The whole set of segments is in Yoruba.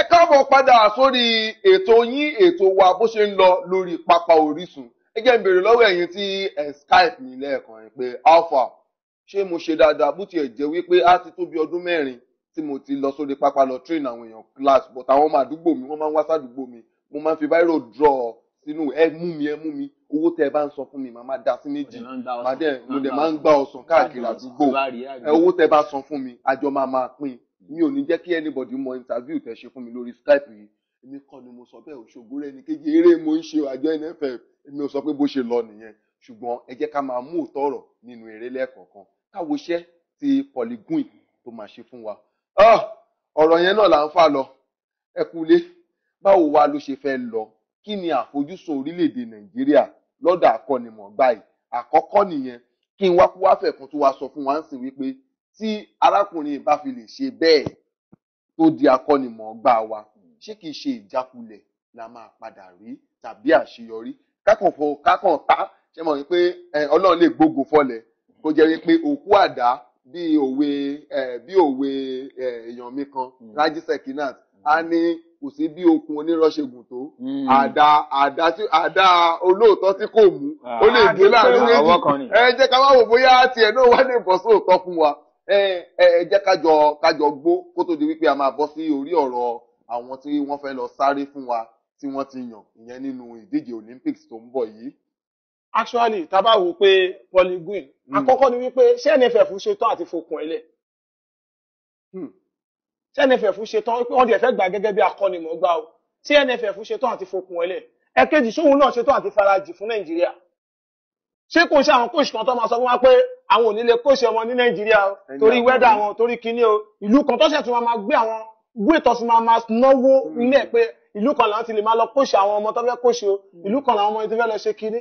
ẹ káàbọ̀ padà sórí ètò yín ètò wa bó ṣe ń lọ lórí pápá Orísun ẹ jẹ́ ń béèrè lọ́wọ́ ẹ̀yin tí ẹ̀ Skype mi lẹ́ẹ̀kan rẹ̀ pé alpha ṣé mo ṣe dáadáa bó tiẹ̀ jẹ́ wípé á ti tó bí ọdún mẹ́rin tí mo ti lọ sórí pápá lọ train àwọn èèyàn class but àwọn ọmọ àdúgbò mi wọ́n máa ń wá sádùúgbò mi mo máa ń fi báírò draw sínú ẹ mú mi ẹ mú mi owó tẹ ẹ bá ń sọ fún mi màá máa da sí méjì màá dẹ̀ mo dẹ̀ máa ń gba ọ̀sán káàkiri àdúgbò owó tẹ ẹ bá san fún mi àjọ máa máa pín mi ò ní jẹ́ kí anybody mọ interview tẹ́ ṣe fún mi lórí skype yìí èmi kàn ni mo sọ bẹ́ẹ̀ òṣogbo rẹ̀ ní kéjì eré mo ń ṣe àjọ nff èmi ò sọ pé bó ṣe lọ nìyẹn ṣùgbọ́n ẹ jẹ́ ká máa mú òótọ́ ọ̀rọ̀ nínú eré lẹ́ẹ̀kọ̀ọ̀kan káwo iṣẹ́ ti polygun tó máa ṣe fún wa. Ah! ọ̀rọ̀ yẹn náà là ń fà lọ ẹ kúlé báwo wa ló ṣe fẹ́ lọ kí ni àfojúsùn orílẹ̀-èdè nàìjíríà lọ́dọ̀ akọ́nimọ̀ọ́gbà yìí àkọ́kọ́ nìyẹn kí n wá kú wá fẹ̀kún tó wá sọ fún wa ń sìn wípé tí arákùnrin bá fi lè ṣe bẹ́ẹ̀ tó di akọ́nimọ̀ọ́gbà wa ṣé kìí ṣe ìjákulẹ̀ la máa padà rí tàbí àṣeyọrí kákànfọ̀ kákàntá ṣe mọ̀ pé ọlọ́run lè gbógun fọlẹ̀ kó jẹ́ pé òkú àdá bí òwe bí òwe èèyàn mi kan hmm. Rájí Sekinat a hmm. ní kò sí bí okun onírọ́ṣègùn tó hmm. àdá àdá tí àdá olóòótọ́ tí kò mú ó lè dé ah. láàrin méjì ẹ jẹ́ ká wá wò bóyá tiẹ̀ náà wá lè bọ́ sóòótọ́ fún wa jẹ́ kájọ kájọ gbó kó tó di wípé a máa bọ́ sí orí ọ̀rọ̀ àwọn tí wọ́n fẹ́ lọ sáré fún wa tí wọ́n ti yàn ìyẹn nínú ìdíje Olympics tó ń bọ̀ yìí. actually tá a bá wò pé polyguin hmm. àkọ́kọ́ ni wípé ṣé NFF ṣetán àti fòkun ẹlẹ̀ hmm. ṣé NFF ṣetán pé wọ́n dẹ̀ fẹ́ gbà gẹ́gẹ́ bí akọ́nimọ̀ọ́gbá o ṣé NFF ṣetán àti fòkun ẹlẹ̀ ẹ̀kejì ṣóhun náà ṣetán àti farajì fún Nàìjíríà ṣé kò ṣe àwọn coach kan tó máa sọ fún wa pé àwọn ò ní lè coach ọmọ ní nàìjíríà torí wẹ́dà wọn torí kíní o ìlú kan tó ṣẹ̀ tún máa gbé àwọn gbẹ́tọ̀ sí máa máa náwó ilé hmm. pé ìlú kan làwọn ti lè máa lọ coach àwọn ọmọ tó fẹ́ coach o hmm. ìlú kan làwọn ọmọ yìí tó fẹ́ lọ ṣe kíní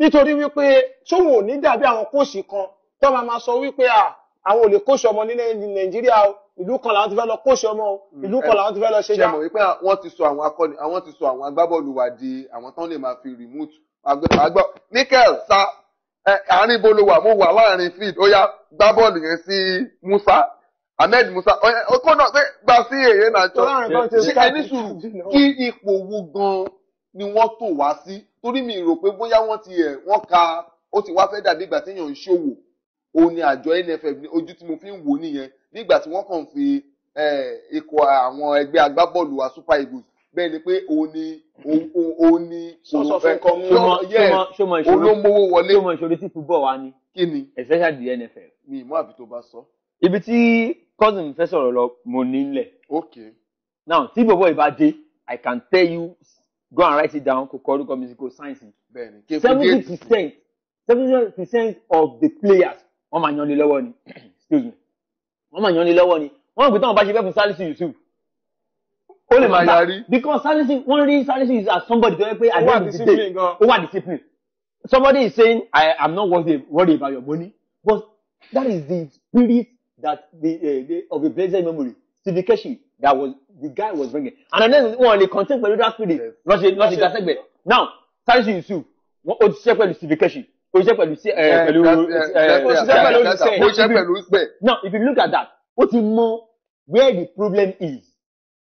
nítorí wípé sóhun ò ní dàbí àwọn coach kan tó máa máa sọ wípé àwọn ò lè coach ọmọ ní nàìjíríà o ìlú kan làwọn ti fẹ́ lọ kóṣe ọmọ hmm. ìlú kan làwọn ti fẹ́ lọ ṣe dá. ṣe mọ̀ wípé àwọn ti sọ àwọn agbábọ́ọ̀lù wa di àwọn tán lè máa fi remote àgbọ̀ níkẹ́l sa àárín ibo ló wà mo wà láàrin field ó yá gbá bọ́ọ̀lù yẹn sí Musa Ahmed Musa ó kó náà pé gba sí èyí náà jọ ṣe ẹni sùúrù kí ipò wo gan-an ni wọ́n tò wá sí torí mi rò pé bóyá wọ́n ti ẹ̀ wọ́n ka ó ti wá fẹ́ dàbí ìgbà téèyàn ń ṣòwò òun ni àjọ NFF ní ojú tí mo fi ń wò nìyẹn nígbà tí wọ́n kàn fi ikọ̀ àwọn ẹgbẹ́ agbábọ́ọ̀lù wa Super Eagles bẹ́ẹ̀ ni pé òun ni òun ni olómowó wọlé. ṣọmọ ìṣòro tí football wa ni. kí ni especially the NFL. mi ìmọ̀ àbí tó bá sọ. ibi tí cousin fẹ́ sọ̀rọ̀ lọ mo ní nílẹ̀. ok. now tí bọ̀bọ̀ ìbá dé i can tell you go and write it down kò kọ orúkọ musical science. bẹ́ẹ̀ni kí fúdíẹ seventy percent seventy percent of the players wọ́n máa yan ni lọ́wọ́ ni excuse me wọ́n máa yan ni lọ́wọ́ ni wọ́n gbé táwọn bá ṣe fẹ́ fún Salisu Yusuf ó lè máa yarí. because Salisu wọ́n rí Salisu is as somebody tó yẹ pé at the end of the day discipline. somebody is saying I am not worried, worried about your money but that is the spirit that the, uh, the of the blessed memory Sibikeshi that was the guy was bringing and then wọn lè contain pẹ̀lú that spirit lọ́sẹ̀ lọ́sẹ̀ dasẹ́gbẹ̀ now Salisu Yusuf ó ti ṣiṣẹ́ pẹ̀lú Sibikeshi eh, eh, ó ṣiṣẹ́ pẹ̀lú pẹ̀lú ó ṣiṣẹ́ pẹ̀lú ṣiṣẹ́ pẹ̀lú ṣiṣẹ́ now if you look at that ó ti mọ where the problem is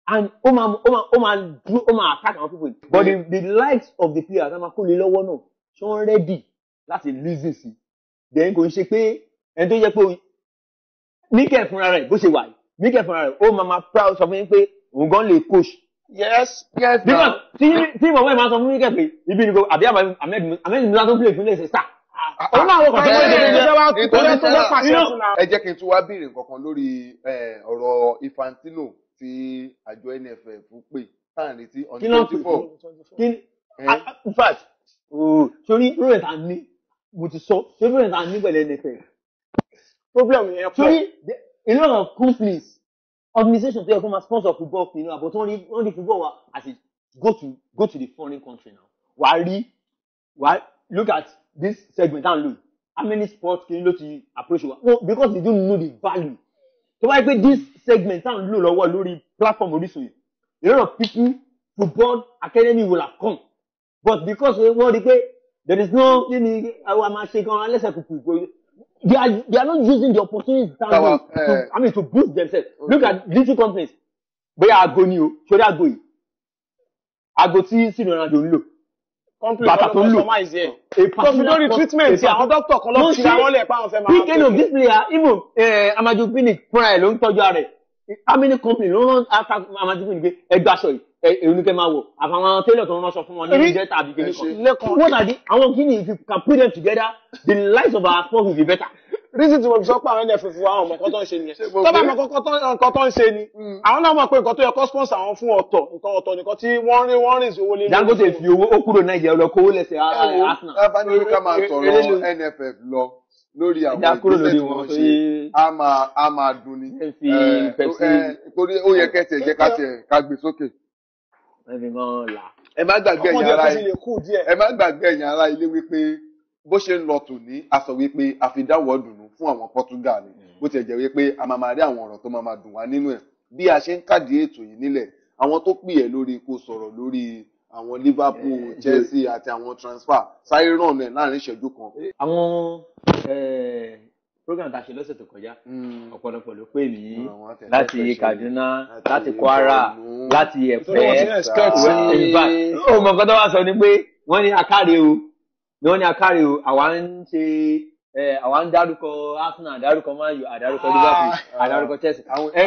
and ó máa ó máa ó máa dúró ó máa attack àwọn people but the the likes of the players á máa kó lé lọ́wọ́ náà ṣé wọ́n ready láti lose sí then kò ń ṣe pé ẹni tó yẹ pé níkẹ́ fúnra rẹ̀ bó ṣe wà yìí níkẹ́ fúnra rẹ̀ ó máa máa proud sọ fún yín pé òun gan lè coach. yes yes na because tí tí mọ̀mọ́ ẹ̀ máa sọ fún níkẹ́ pé ibi ni ko àbí ahmed musa tó play ìpínlẹ̀ ṣe star. Ah, òun náà wọ kàn ah, ah, fún ẹgbẹ́ ìjọba tó lọ́pàá ṣẹ́kùn náà. ẹ jẹ́ kí n tún wá béèrè kankan lórí eh, ọ̀rọ̀ Infantino tí àjọ NFF pè tá à ń retí on twenty four. kí ah, ah, in fact sori rúwẹ̀ tá a ní mo ti sọ sori rúwẹ̀ tá ní pẹ̀lú NFF. problem yẹn pọ̀ sori a lot of companies organization tó yẹ kó máa sponsor football fún inú àbọ̀ tó wọ́n rí football wa as it go to go to the foreign country now wà á rí wà á look at this segment down low how many sports kiri ló ti approach wa Well, because they don't know the value tó wáyé pé this segment tá à ń lò lọ́wọ́ lórí platform Orísun yìí a lot of people to board academy will have come but because wọ́n rí pé there is no kí ni àwọn àmà ṣe gan alẹ́sẹ̀ kùkù they are they are not using the opportunities down there to eh. i mean to boost themselves okay. look at little companies bóyá aago ni o sórí aago yìí aago tí sinu ọ̀nàdò ń lò bàtà tó ń lò a particular treatment ti àwọn doctor kan lọ tira wọn lẹ pa àwọn fẹ́ máa. pikin of this player even eh, amaju pinnick fúnra ẹ ló ń tọ́jú ara ẹ how many company ló ń rán amaju pinnick pé ẹgbẹ́ aṣọ yìí èyí ni kẹ́ máa wò àfàwọn tailor tó ń ránṣọ fún wọn ní ìjẹ́ tàbí kìnìkan. wọ́n tàbí àwọn guinea if you can put them together the lives of our sports will be better reason tí mo fi sọ pé àwọn nff wa àwọn ọmọkọ tó ń ṣe nìyẹn tó bá ọmọkọ nǹkan tó ń ṣe ni hmm. àwọn náà mọ̀ pé nǹkan tó yẹ kó sponsor àwọn fún ọ̀tọ̀ nǹkan ọ̀tọ̀ nìkan tí wọ́n rí wọ́n rìn sí owó lé. Dangote fi owó ó kúrò Nàìjíríà lọ kówó lẹsẹ Arsenal. ẹ bá ní orí ká máa sọ̀rọ̀ nff lọ lórí àwọn ìgbésẹ̀ tí wọ́n ṣe a máa a máa dùn torí ó yẹ kẹsẹ̀ jẹ́ ká tiẹ̀ sókè. ẹ má gbàgbé ẹ̀yàn ara ilé wípé bó ṣe ń lọ tòní a sọ wípé a fi dáwọ́ dùnú fún àwọn Portugal ni hmm. bó tiẹ̀ jẹ́ wípé a máa máa rí àwọn ọ̀rọ̀ tó máa máa dùn wá nínú ẹ̀ bí a ṣe ń kádì ètò yìí nílẹ̀ àwọn tó pè ẹ́ lórí kó sọ̀rọ̀ lórí àwọn Liverpool eh, Chelsea àti àwọn transfer sáré ràn ẹ̀ láàrin ìṣẹ́jú kan. àwọn eh, program tá a ṣe lọ́sẹ̀ tó kọjá hmm. ọ̀pọ̀lọpọ̀ ló pè mí hmm, láti Kaduna láti Kwara láti Ẹ̀pẹ́ ìbá ọmọ nǹkan tó wá sọ ni pé wọ́n ní akáre o ni wọ́n ní akáre o àwa ń ṣe àwa ń dárúkọ Arsenal àdárúkọ Man U àdárúkọ Liverpool ah, ah. àdárúkọ Chelsea